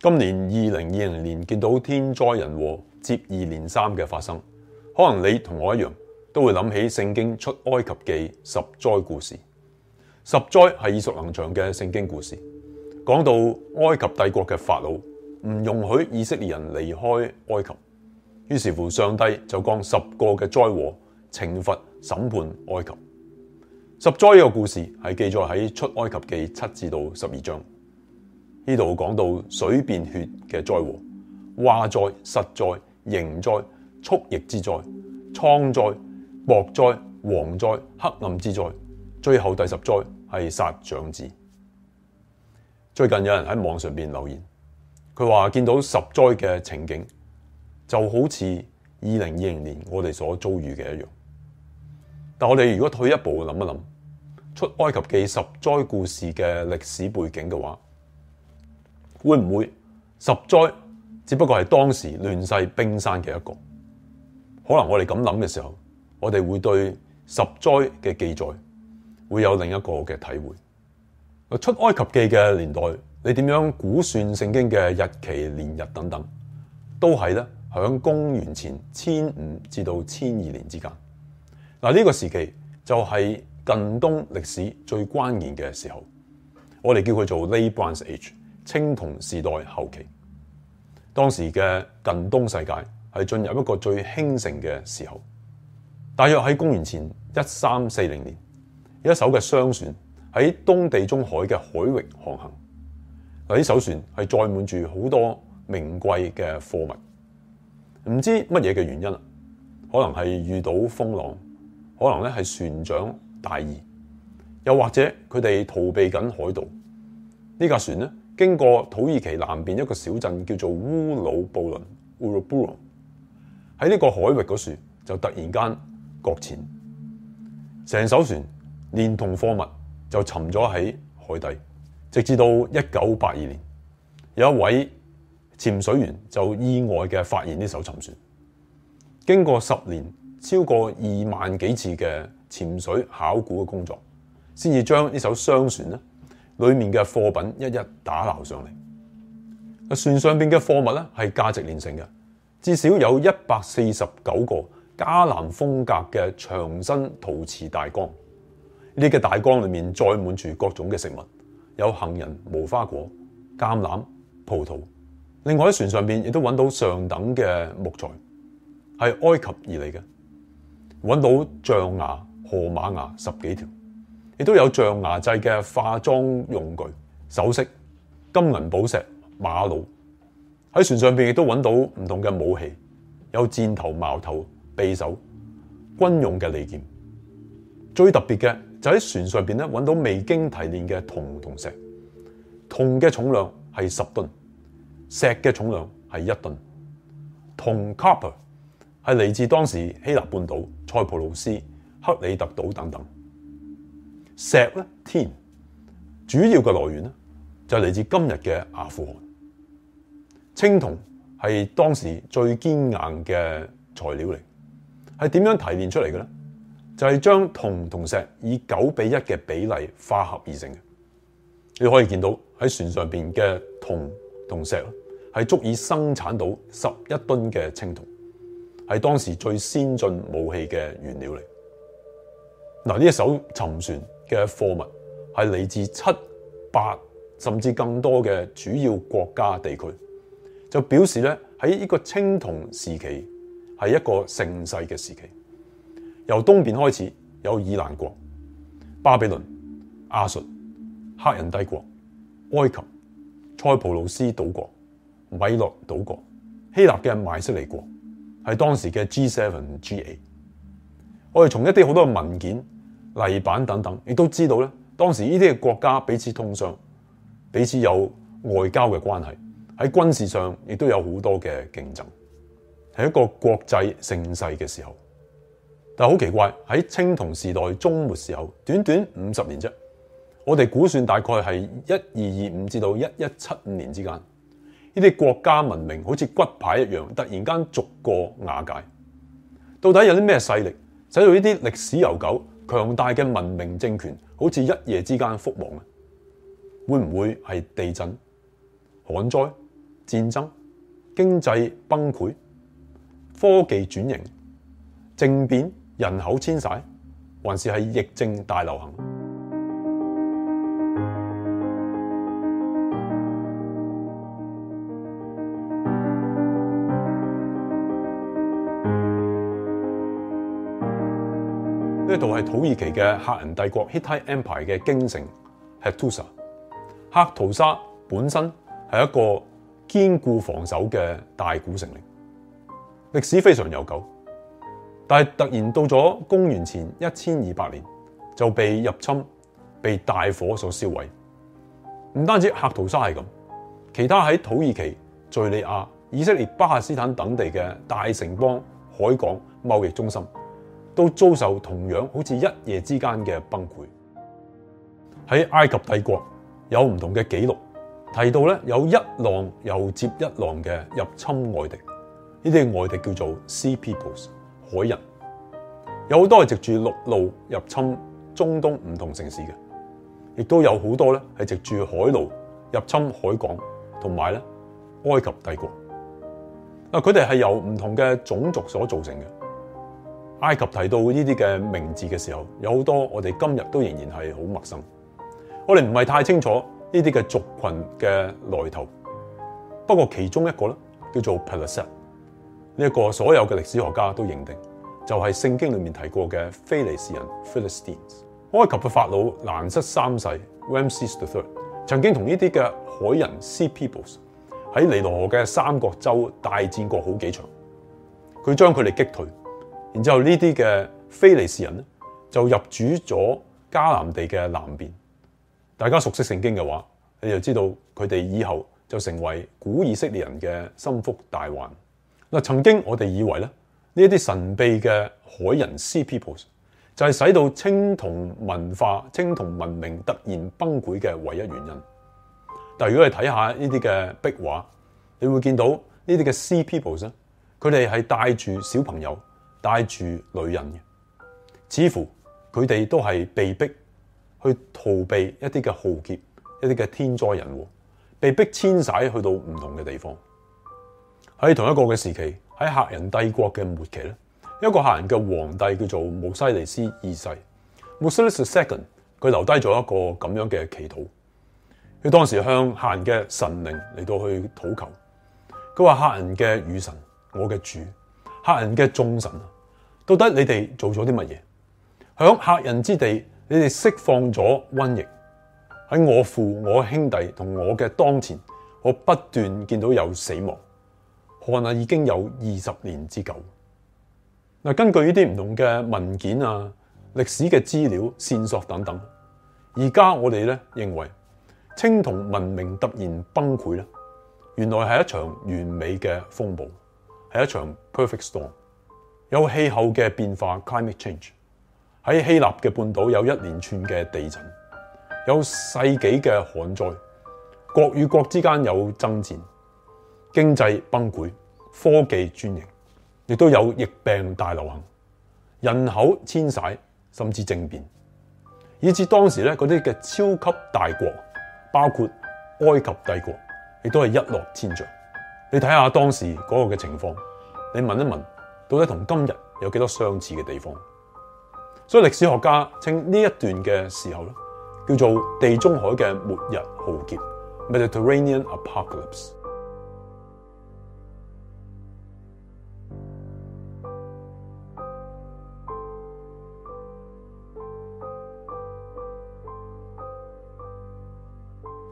今年二零二零年見到天災人禍接二連三嘅發生，可能你同我一樣都會諗起聖經出埃及記十災故事。十災係耳熟能詳嘅聖經故事，講到埃及帝國嘅法老唔容許以色列人離開埃及，於是乎上帝就降十個嘅災禍懲罰審判埃及。十災呢個故事係記載喺出埃及記七至到十二章。呢度講到水變血嘅災禍，蛙災、蝨災、蠅災、畜疫之災、瘡災、雹災、蝗災、黑暗之災，最後第十災係殺長子。最近有人喺網上邊留言，佢話見到十災嘅情景，就好似二零二零年我哋所遭遇嘅一樣。但我哋如果退一步諗一諗《出埃及記》十災故事嘅歷史背景嘅話，會唔會十災只不過係當時亂世冰山嘅一個？可能我哋咁諗嘅時候，我哋會對十災嘅記載會有另一個嘅體會。出埃及記嘅年代，你點樣估算聖經嘅日期、年日等等，都係咧喺公元前千五至到千二年之間。嗱，呢個時期就係近東歷史最關鍵嘅時候，我哋叫佢做 Late Bronze Age。青銅時代後期，當時嘅近東世界係進入一個最興盛嘅時候。大約喺公元前一三四零年，一艘嘅商船喺東地中海嘅海域航行。嗱，呢艘船係載滿住好多名貴嘅貨物，唔知乜嘢嘅原因啦，可能係遇到風浪，可能咧係船長大意，又或者佢哋逃避緊海盜。呢架船呢。經過土耳其南邊一個小鎮叫做烏魯布倫 Uluburun，喺呢個海域嗰處就突然間擱淺，成艘船連同貨物就沉咗喺海底，直至到一九八二年，有一位潛水員就意外嘅發現呢艘沉船。經過十年超過二萬幾次嘅潛水考古嘅工作，先至將呢艘商船咧裏面嘅貨品一一打撈上嚟，啊，船上邊嘅貨物咧係價值連城嘅，至少有一百四十九個迦南風格嘅長身陶瓷大缸，呢個大缸裏面載滿住各種嘅食物，有杏仁、無花果、橄欖、葡萄，另外喺船上邊亦都揾到上等嘅木材，係埃及而嚟嘅，揾到象牙、河馬牙十幾條。亦都有象牙製嘅化妝用具、首飾、金銀寶石、瑪瑙。喺船上邊亦都揾到唔同嘅武器，有箭頭、矛頭、匕首、軍用嘅利劍。最特別嘅就喺船上邊咧揾到未經提煉嘅銅同石。銅嘅重量係十噸，石嘅重量係一噸。銅 copper 係嚟自當時希臘半島、塞浦路斯、克里特島等等。錫咧天，主要嘅來源咧就嚟自今日嘅阿富汗。青銅係當時最堅硬嘅材料嚟，係點樣提煉出嚟嘅咧？就係、是、將銅同錫以九比一嘅比例化合而成嘅。你可以見到喺船上邊嘅銅同錫咯，係足以生產到十一噸嘅青銅，係當時最先進武器嘅原料嚟。嗱呢一艘沉船。嘅貨物係嚟自七、八甚至更多嘅主要國家地區，就表示咧，喺呢個青銅時期係一個盛世嘅時期。由東邊開始有以攔國、巴比倫、亞述、赫人帝國、埃及、塞浦路斯島國、米諾島國、希臘嘅邁錫尼國，係當時嘅 G seven G eight。我哋從一啲好多文件，泥板等等，亦都知道咧。當時呢啲嘅國家彼此通商，彼此有外交嘅關係，喺軍事上亦都有好多嘅競爭，係一個國際盛世嘅時候。但好奇怪，喺青銅時代中末時候，短短五十年啫，我哋估算大概係一二二五至到一一七五年之間，呢啲國家文明好似骨牌一樣，突然間逐個瓦解。到底有啲咩勢力，使到呢啲歷史悠久？強大嘅文明政權好似一夜之間覆亡啊！會唔會係地震、旱災、戰爭、經濟崩潰、科技轉型、政變、人口遷徙，還是係疫症大流行？呢度係土耳其嘅黑人帝國 Hittite Empire 嘅京城哈圖沙。哈圖沙本身係一個堅固防守嘅大古城城，歷史非常悠久。但係突然到咗公元前一千二百年，就被入侵、被大火所燒毀。唔單止哈圖沙係咁，其他喺土耳其、敘利亞、以色列、巴克斯坦等地嘅大城邦、海港、貿易中心，都遭受同樣好似一夜之間嘅崩潰。喺埃及帝國有唔同嘅記錄提到咧，有一浪又接一浪嘅入侵外敵。呢啲外敵叫做 Sea Peoples 海人，有好多係藉住陸路入侵中東唔同城市嘅，亦都有好多咧係藉住海路入侵海港同埋咧埃及帝國。嗱，佢哋係由唔同嘅種族所造成嘅。埃及提到呢啲嘅名字嘅時候，有好多我哋今日都仍然係好陌生，我哋唔係太清楚呢啲嘅族群嘅來頭。不過其中一個咧叫做 Peleset 呢一個所有嘅歷史學家都認定，就係、是、聖經裏面提過嘅非利士人 Philistines。埃及嘅法老蘭塞三世 Ramesses the Third 曾經同呢啲嘅海人 Sea Peoples 喺尼羅河嘅三角洲大戰過好幾場，佢將佢哋擊退。然之後呢啲嘅非利士人咧，就入主咗迦南地嘅南邊。大家熟悉聖經嘅話，你就知道佢哋以後就成為古以色列人嘅心腹大患。嗱，曾經我哋以為咧，呢一啲神秘嘅海人 Sea Peoples 就係使到青銅文化、青銅文明突然崩潰嘅唯一原因。但如果你睇下呢啲嘅壁畫，你會見到呢啲嘅 Sea Peoples，佢哋係帶住小朋友。帶住女人嘅，似乎佢哋都係被逼去逃避一啲嘅浩劫，一啲嘅天災人禍，被逼遷徙去到唔同嘅地方。喺同一個嘅時期，喺客人帝國嘅末期咧，一個客人嘅皇帝叫做穆西尼斯二世 （Mursili II），佢留低咗一個咁樣嘅祈禱。佢當時向客人嘅神靈嚟到去討求，佢話，客人嘅雨神，我嘅主。客人嘅眾神啊，到底你哋做咗啲乜嘢？喺客人之地，你哋釋放咗瘟疫。喺我父、我兄弟同我嘅當前，我不斷見到有死亡。看啊，已經有二十年之久。嗱，根據呢啲唔同嘅文件啊、歷史嘅資料、線索等等，而家我哋咧認為青銅文明突然崩潰，原來係一場完美嘅風暴。係一場 perfect storm，有氣候嘅變化 （climate change），喺希臘嘅半島有一連串嘅地震，有世紀嘅旱災，國與國之間有爭戰，經濟崩潰，科技轉型，亦都有疫病大流行，人口遷徙，甚至政變，以至當時咧嗰啲嘅超級大國，包括埃及帝國，亦都係一落千丈。你睇下當時嗰個嘅情況，你問一問，到底同今日有幾多相似嘅地方？所以歷史學家稱呢一段嘅時候叫做地中海嘅末日浩劫 （Mediterranean Apocalypse）。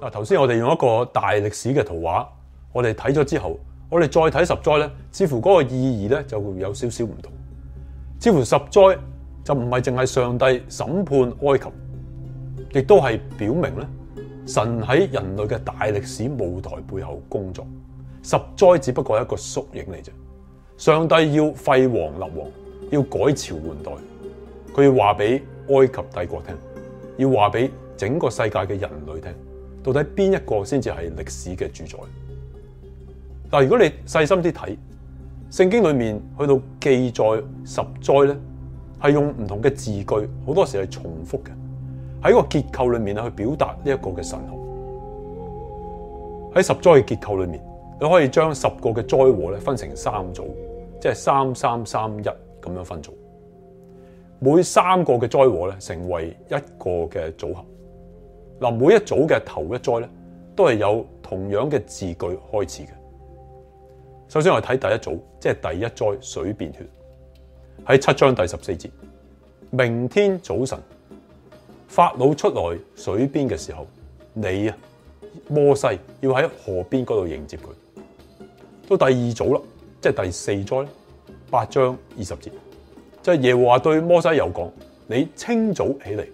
嗱，頭先我哋用一個大歷史嘅圖畫。我哋睇咗之後，我哋再睇十災咧，似乎嗰個意義咧就會有少少唔同。似乎十災就唔係淨係上帝審判埃及，亦都係表明咧神喺人類嘅大歷史舞台背後工作。十災只不過係一個縮影嚟啫。上帝要廢王立王，要改朝換代，佢要話俾埃及帝國聽，要話俾整個世界嘅人類聽，到底邊一個先至係歷史嘅主宰？嗱，如果你細心啲睇聖經裏面去到記載十災咧，係用唔同嘅字句，好多時係重複嘅喺個結構裏面啊，去表達呢一個嘅神學。喺十災嘅結構裏面，你可以將十個嘅災禍咧分成三組，即係三三三一咁樣分組。每三個嘅災禍咧成為一個嘅組合，嗱，每一組嘅頭一災咧都係有同樣嘅字句開始嘅。首先我哋睇第一組，即係第一災水變血，喺七章第十四節。明天早晨，法老出來水邊嘅時候，你啊摩西要喺河邊嗰度迎接佢。到第二組啦，即係第四災，八章二十節，即係耶和華對摩西又講：你清早起嚟，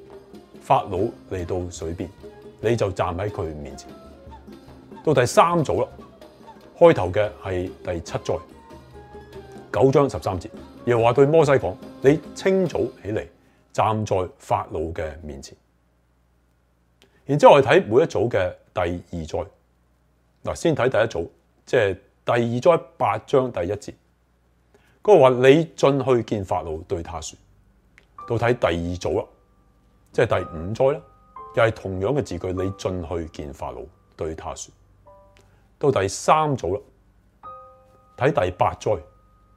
法老嚟到水邊，你就站喺佢面前。到第三組啦。開頭嘅係第七災，九章十三節，耶和華對摩西講：你清早起嚟，站在法老嘅面前。然之後我哋睇每一組嘅第二災，嗱先睇第一組，即係第二災八章第一節，嗰、那個話你進去見法老，對他說。到睇第二組啦，即係第五災啦，又係同樣嘅字句：你進去見法老，對他說。到第三組啦，睇第八災，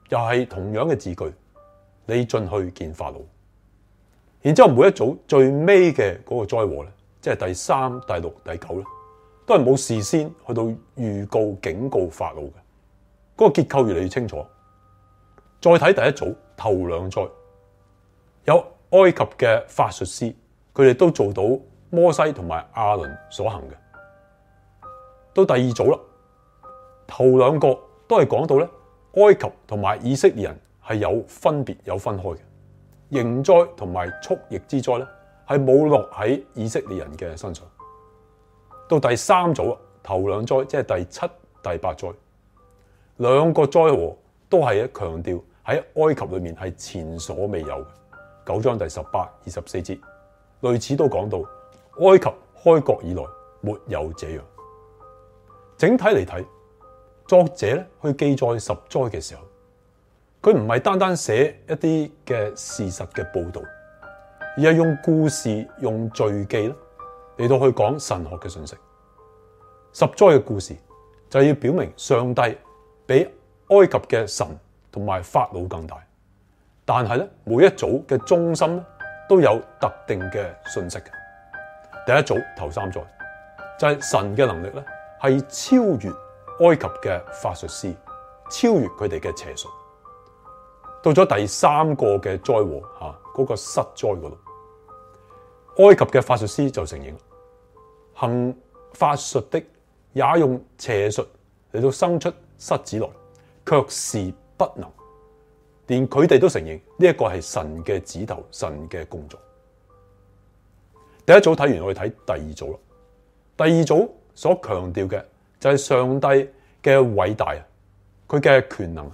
又係同樣嘅字句，你進去見法老。然之後每一組最尾嘅嗰個災禍咧，即係第三、第六、第九咧，都係冇事先去到預告警告法老嘅。嗰個結構越嚟越清楚。再睇第一組頭兩災，有埃及嘅法術師，佢哋都做到摩西同埋亞倫所行嘅。到第二組啦。頭兩個都係講到咧，埃及同埋以色列人係有分別有分開嘅，蠅災同埋畜疫之災咧係冇落喺以色列人嘅身上。到第三組啊，頭兩災即係第七、第八災，兩個災禍都係啊強調喺埃及裏面係前所未有嘅。九章第十八、二十四節類似都講到，埃及開國以來沒有這樣。整體嚟睇。作者咧去記載十災嘅時候，佢唔係單單寫一啲嘅事實嘅報道，而係用故事、用敘記啦嚟到去講神學嘅信息。十災嘅故事就係要表明上帝比埃及嘅神同埋法老更大。但係咧每一組嘅中心都有特定嘅信息。第一組頭三災就係、是、神嘅能力咧係超越埃及嘅法術師超越佢哋嘅邪術，到咗第三個嘅災禍吓，嗰個虱災嗰度，埃及嘅法術師就承認，行法術的也用邪術嚟到生出虱子來，卻是不能，連佢哋都承認呢一個係神嘅指頭，神嘅工作。第一組睇完，我哋睇第二組啦。第二組所強調嘅。就係、是、上帝嘅偉大啊！佢嘅權能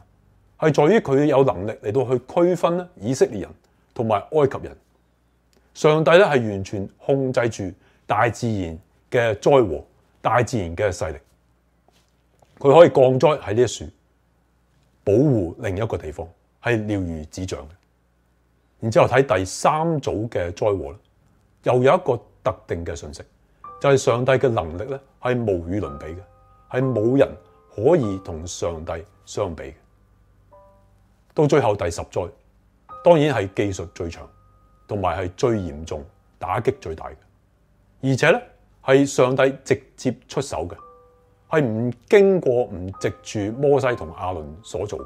係在於佢有能力嚟到去區分咧以色列人同埋埃及人。上帝咧係完全控制住大自然嘅災禍、大自然嘅勢力，佢可以降災喺呢一處，保護另一個地方係了如指掌嘅。然之後睇第三組嘅災禍咧，又有一個特定嘅信息，就係、是、上帝嘅能力咧係無與倫比嘅。係冇人可以同上帝相比嘅，到最後第十災，當然係技術最長，同埋係最嚴重，打擊最大嘅，而且咧係上帝直接出手嘅，係唔經過唔藉住摩西同亞倫所做的，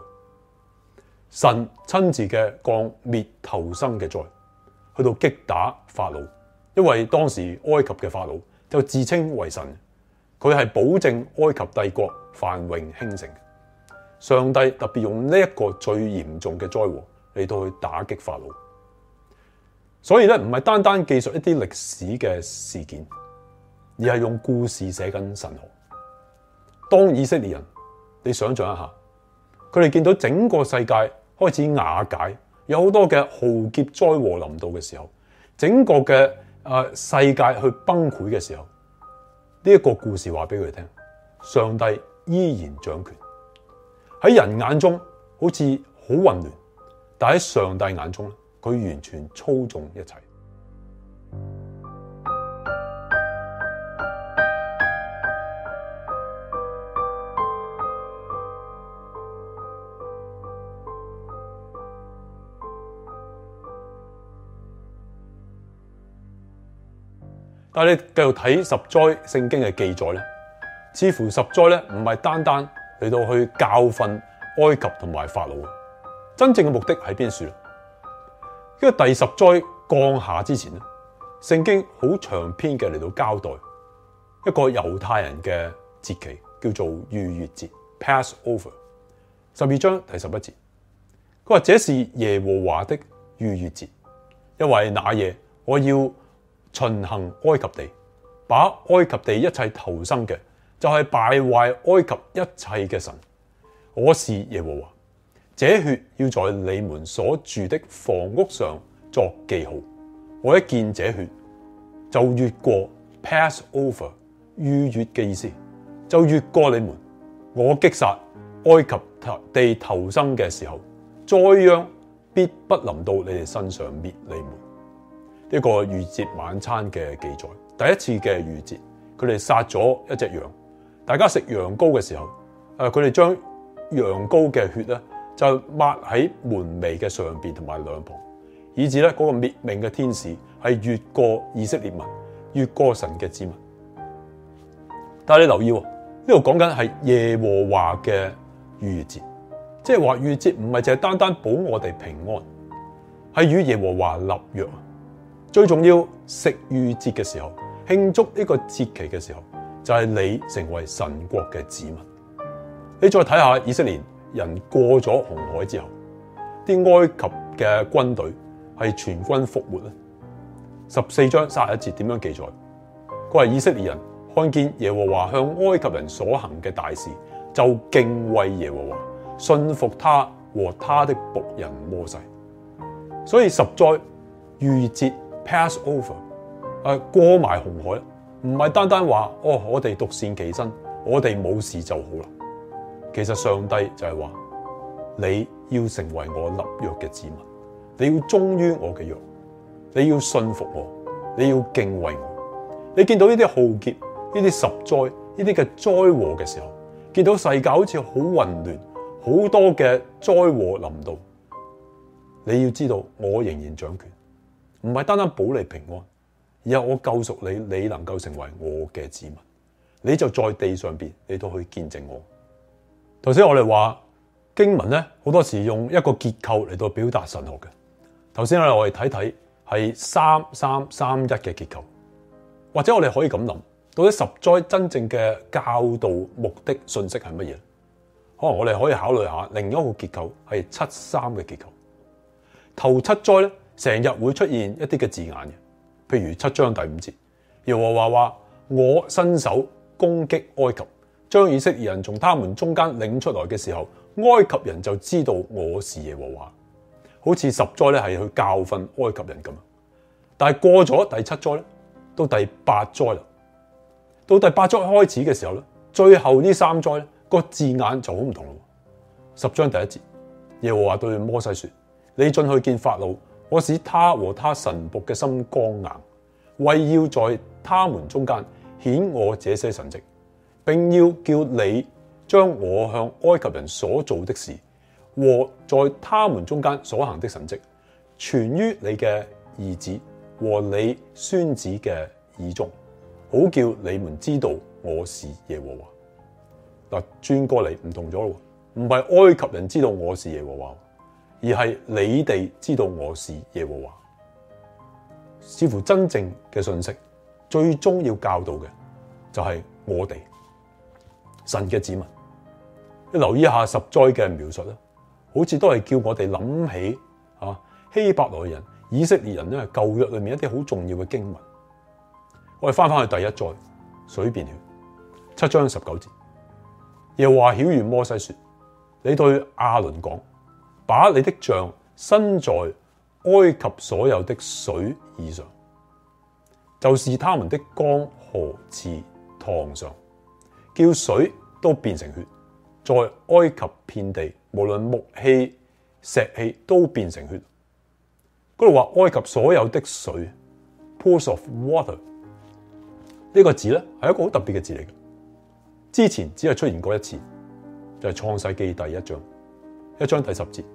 神親自嘅降滅頭生嘅災，去到擊打法老，因為當時埃及嘅法老就自稱為神。佢係保證埃及帝國繁榮興盛，上帝特別用呢一個最嚴重嘅災禍嚟到去打擊法老，所以咧唔係單單記述一啲歷史嘅事件，而係用故事寫緊神學。當以色列人，你想象一下，佢哋見到整個世界開始瓦解，有好多嘅浩劫災禍臨到嘅時候，整個嘅誒、呃、世界去崩潰嘅時候。呢一個故事話俾佢哋聽，上帝依然掌權，喺人眼中好似好混亂，但喺上帝眼中，佢完全操縱一切。但係你繼續睇十災聖經嘅記載咧，似乎十災咧唔係單單嚟到去教訓埃及同埋法老，真正嘅目的喺邊處啦？喺、這個第十災降下之前咧，聖經好長篇嘅嚟到交代一個猶太人嘅節期叫做逾越節 （Passover）。十二章第十一節，佢話這是耶和華的逾越節，因為那夜我要。巡行埃及地，把埃及地一切頭生嘅，就係、是、敗壞埃及一切嘅神。我是耶和華，這血要在你們所住的房屋上作記號。我一見這血，就越過 pass over 逾越嘅意思，就越過你們。我擊殺埃及地頭生嘅時候，災殃必不臨到你哋身上滅你們。呢、這個逾節晚餐嘅記載，第一次嘅逾節，佢哋殺咗一隻羊，大家食羊羔嘅時候，誒佢哋將羊羔嘅血咧就抹喺門楣嘅上邊同埋兩旁，以至咧嗰個滅命嘅天使係越過以色列民，越過神嘅子民。但係你留意呢度講緊係耶和華嘅逾節，即係話逾節唔係淨係單單保我哋平安，係與耶和華立約。最重要食逾越節嘅時候，慶祝呢個節期嘅時候，就係、是、你成為神國嘅子民。你再睇下以色列人過咗紅海之後，啲埃及嘅軍隊係全軍覆沒啦。十四章卅一節點樣記載？佢話以色列人看見耶和華向埃及人所行嘅大事，就敬畏耶和華，信服他和他的僕人摩西。所以十災逾越節。Pass over，啊過埋紅海，唔係單單話哦，我哋獨善其身，我哋冇事就好啦。其實上帝就係話，你要成為我立約嘅子民，你要忠於我嘅約，你要信服我，你要敬畏我。你見到呢啲浩劫、呢啲十災、呢啲嘅災禍嘅時候，見到世界好似好混亂，好多嘅災禍臨到，你要知道我仍然掌權。唔係單單保你平安，而係我救贖你，你能夠成為我嘅子民，你就在地上邊，你都去見證我。頭先我哋話經文咧，好多時用一個結構嚟到表達神學嘅。頭先咧，我哋睇睇係三三三一嘅結構，或者我哋可以咁諗，到底十災真正嘅教導目的信息係乜嘢？可能我哋可以考慮下另一個結構係七三嘅結構，頭七災咧。成日會出現一啲嘅字眼嘅，譬如七章第五節，耶和華話：我伸手攻擊埃及，將以色列人從他們中間領出來嘅時候，埃及人就知道我是耶和華。好似十災咧係去教訓埃及人咁樣。但係過咗第七災咧，到第八災啦，到第八災開始嘅時候咧，最後呢三災咧個字眼就好唔同咯。十章第一節，耶和華對摩西說：你進去見法老。我使他和他神僕嘅心剛硬，為要在他們中間顯我這些神跡，並要叫你將我向埃及人所做的事和在他們中間所行的神跡傳於你嘅兒子和你孫子嘅耳中，好叫你們知道我是耶和華。嗱，轉過嚟唔同咗，唔係埃及人知道我是耶和華。而係你哋知道我是耶和華，似乎真正嘅信息最終要教導嘅就係我哋神嘅子民。你留意一下十災嘅描述好似都係叫我哋諗起啊希伯來人、以色列人咧，舊約裏面一啲好重要嘅經文。我哋翻翻去第一災，水變血，七章十九節，耶和華又話曉諭摩西說：你對亞倫講。把你的杖伸在埃及所有的水以上，就是他們的江河池塘上，叫水都變成血，在埃及遍地，無論木器石器都變成血。嗰度話埃及所有的水 （pools of water） 呢個字咧係一個好特別嘅字嚟嘅，之前只係出現過一次，就係、是、創世記第一章一章第十節。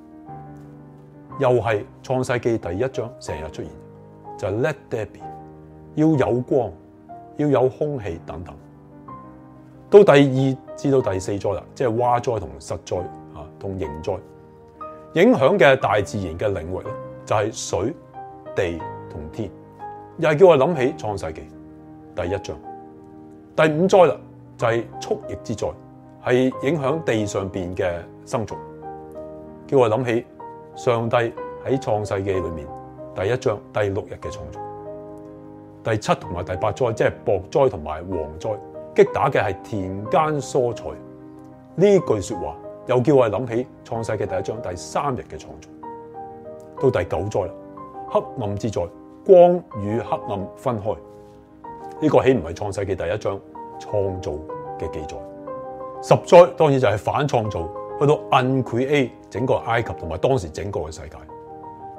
又係創世紀第一章成日出現，就係 Let there be 要有光，要有空氣等等。到第二至到第四災啦，即係蛙災同虱災啊，同蠅災，影響嘅大自然嘅領域咧就係水、地同天，又係叫我諗起創世紀第一章。第五災啦就係畜疫之災，係影響地上邊嘅牲畜，叫我諗起。上帝喺創世記裏面第一章第六日嘅創造，第七同埋第八災即係雹災同埋蝗災，擊打嘅係田間蔬菜。呢句說話又叫我諗起創世記第一章第三日嘅創造，到第九災啦，黑暗之災，光與黑暗分開。呢、這個豈唔係創世記第一章創造嘅記載？十災當然就係反創造。去到 Ancient Egypt，整個埃及同埋當時整個嘅世界，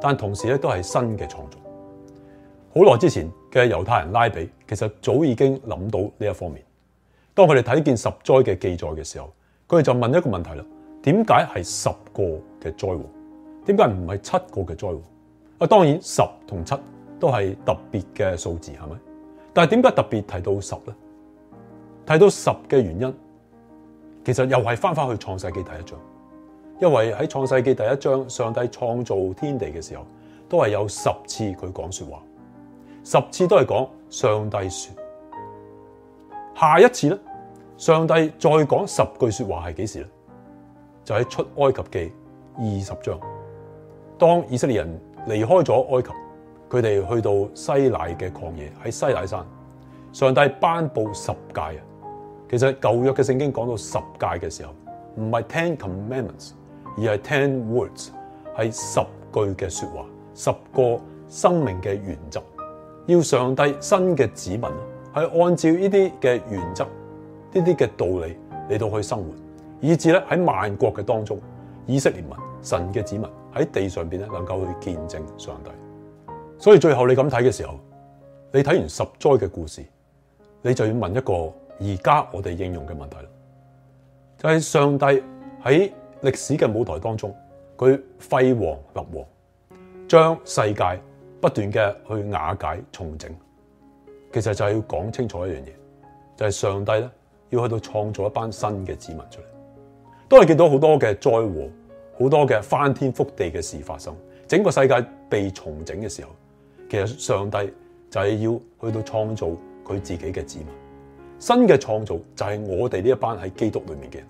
但同時咧都係新嘅創作。好耐之前嘅猶太人拉比其實早已經諗到呢一方面。當佢哋睇見十災嘅記載嘅時候，佢哋就問一個問題啦：點解係十個嘅災禍？點解唔係七個嘅災禍啊？當然十同七都係特別嘅數字，係咪？但係點解特別提到十咧？提到十嘅原因。其實又係翻翻去創世紀第一章，因為喺創世紀第一章，上帝創造天地嘅時候，都係有十次佢講說話，十次都係講上帝說。下一次咧，上帝再講十句說話係幾時咧？就喺、是、出埃及記二十章，當以色列人離開咗埃及，佢哋去到西奈嘅曠野，喺西奈山，上帝頒布十誡啊。其實舊約嘅聖經講到十誡嘅時候，唔係 ten commandments，而係 ten words，係十句嘅說話，十個生命嘅原則。要上帝新嘅子民係按照呢啲嘅原則，呢啲嘅道理嚟到去生活，以至咧喺萬國嘅當中，以色列民神嘅子民喺地上邊咧能夠去見證上帝。所以最後你咁睇嘅時候，你睇完十災嘅故事，你就要問一個。而家我哋應用嘅問題就係、是、上帝喺歷史嘅舞台當中，佢廢王立王，將世界不斷嘅去瓦解重整。其實就係要講清楚一樣嘢，就係、是、上帝咧要去到創造一班新嘅子民出嚟。當係見到好多嘅災禍，好多嘅翻天覆地嘅事發生，整個世界被重整嘅時候，其實上帝就係要去到創造佢自己嘅子民。新嘅創造就係我哋呢一班喺基督裏面嘅人。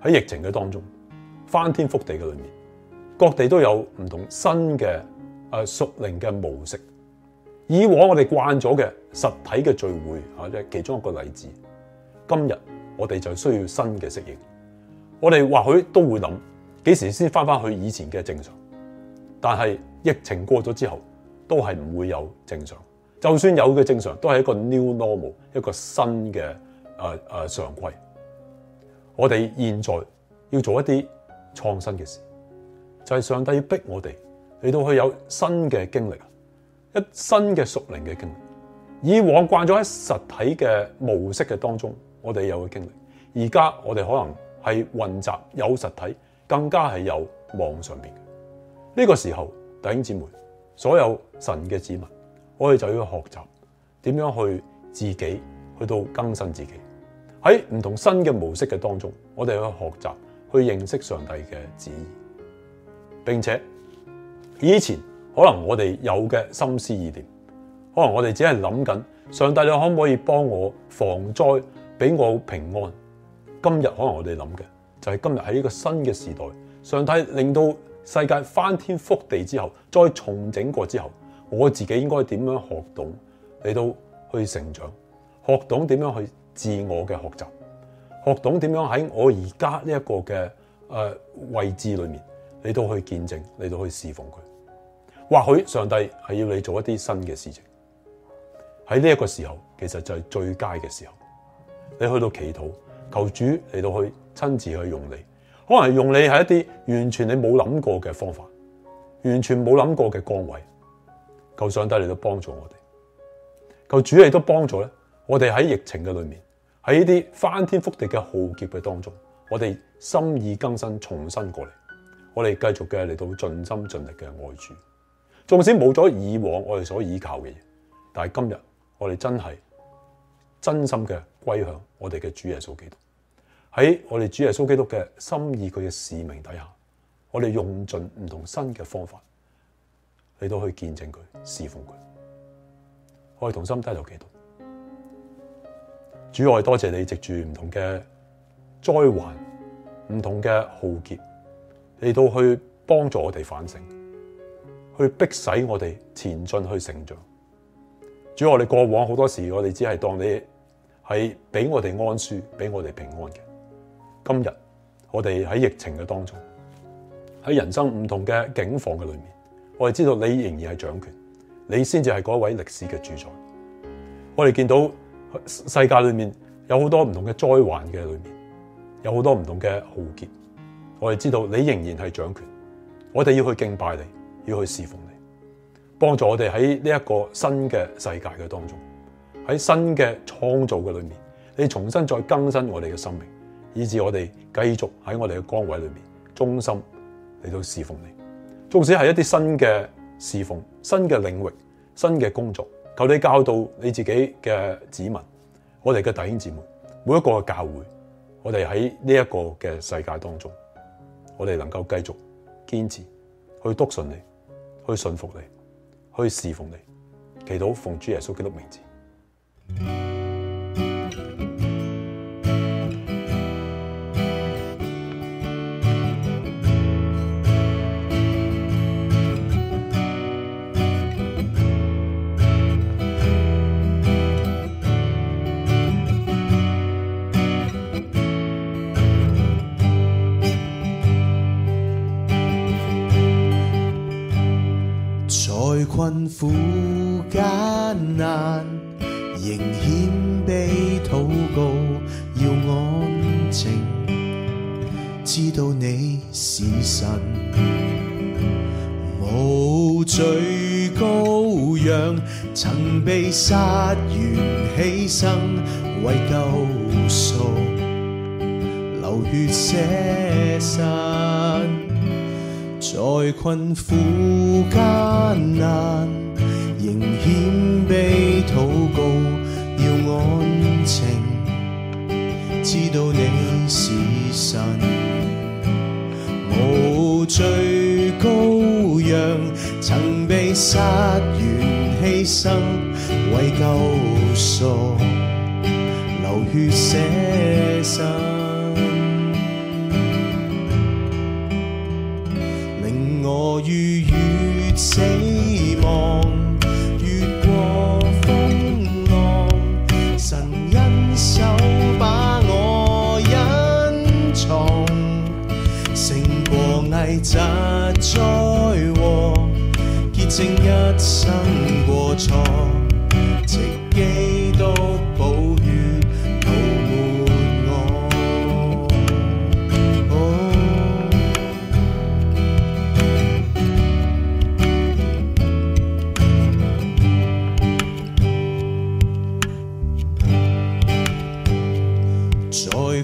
喺疫情嘅當中翻天覆地嘅裏面，各地都有唔同新嘅誒屬靈嘅模式。以往我哋慣咗嘅實體嘅聚會，或者其中一個例子。今日我哋就需要新嘅適應。我哋或許都會諗幾時先翻返去以前嘅正常，但係疫情過咗之後，都係唔會有正常。就算有嘅正常都係一個 new normal，一個新嘅誒誒常規。我哋現在要做一啲創新嘅事，就係、是、上帝要逼我哋嚟到去有新嘅經歷，一新嘅屬靈嘅經歷。以往慣咗喺實體嘅模式嘅當中，我哋有嘅經歷，而家我哋可能係混雜有實體，更加係有網上邊。呢、這個時候，弟兄姊妹，所有神嘅子民。我哋就要學習點樣去自己去到更新自己，喺唔同新嘅模式嘅當中，我哋去學習去認識上帝嘅旨意，並且以前可能我哋有嘅心思意念，可能我哋只係諗緊上帝，你可唔可以幫我防災，俾我平安？今日可能我哋諗嘅就係今日喺呢個新嘅時代，上帝令到世界翻天覆地之後，再重整過之後。我自己應該點樣學懂你都去成長？學懂點樣去自我嘅學習？學懂點樣喺我而家呢一個嘅誒位置裏面，你都去見證，你都去侍奉佢。或許上帝係要你做一啲新嘅事情喺呢一個時候，其實就係最佳嘅時候。你去到祈禱，求主嚟到去親自去用你，可能用你喺一啲完全你冇諗過嘅方法，完全冇諗過嘅崗位。求上帝嚟到幫助我哋，求主亦都幫助咧。我哋喺疫情嘅裏面，喺呢啲翻天覆地嘅浩劫嘅當中，我哋心意更新，重新過嚟。我哋繼續嘅嚟到盡心盡力嘅愛主。縱使冇咗以往我哋所倚靠嘅嘢，但係今日我哋真係真心嘅歸向我哋嘅主耶穌基督。喺我哋主耶穌基督嘅心意佢嘅使命底下，我哋用盡唔同新嘅方法。嚟到去見證佢侍奉佢，我哋同心低頭祈禱。主，我哋多謝你藉住唔同嘅災患、唔同嘅浩劫嚟到去幫助我哋反省，去逼使我哋前進去成長。主，過往很多時，我哋過往好多時我哋只係當你係俾我哋安舒，俾我哋平安嘅。今日我哋喺疫情嘅當中，喺人生唔同嘅境況嘅裏面。我哋知道你仍然係掌權，你先至係嗰位歷史嘅主宰。我哋見到世界裏面有好多唔同嘅災患嘅裏面，有好多唔同嘅浩劫。我哋知道你仍然係掌權，我哋要去敬拜你，要去侍奉你，幫助我哋喺呢一個新嘅世界嘅當中，喺新嘅創造嘅裏面，你重新再更新我哋嘅生命，以至我哋繼續喺我哋嘅崗位裏面，衷心嚟到侍奉你。即使係一啲新嘅侍奉、新嘅領域、新嘅工作，求你教導你自己嘅子民，我哋嘅弟兄姊妹，每一個嘅教會，我哋喺呢一個嘅世界當中，我哋能夠繼續堅持去篤順你，去信服你，去侍奉你，祈禱奉主耶穌基督名字。在困苦艱難，仍謙卑禱告，要安靜，知道你是神。無罪羔羊，曾被殺完犧牲，為救贖，流血捨身。死亡，越過風浪，神恩手把我隱藏，勝過危難災禍，潔淨一生過錯。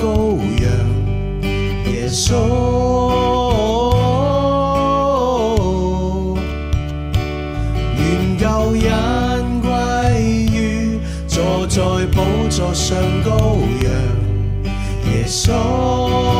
羔羊，耶穌，願舊日歸於坐在寶座上羔羊，耶穌。哦哦哦哦哦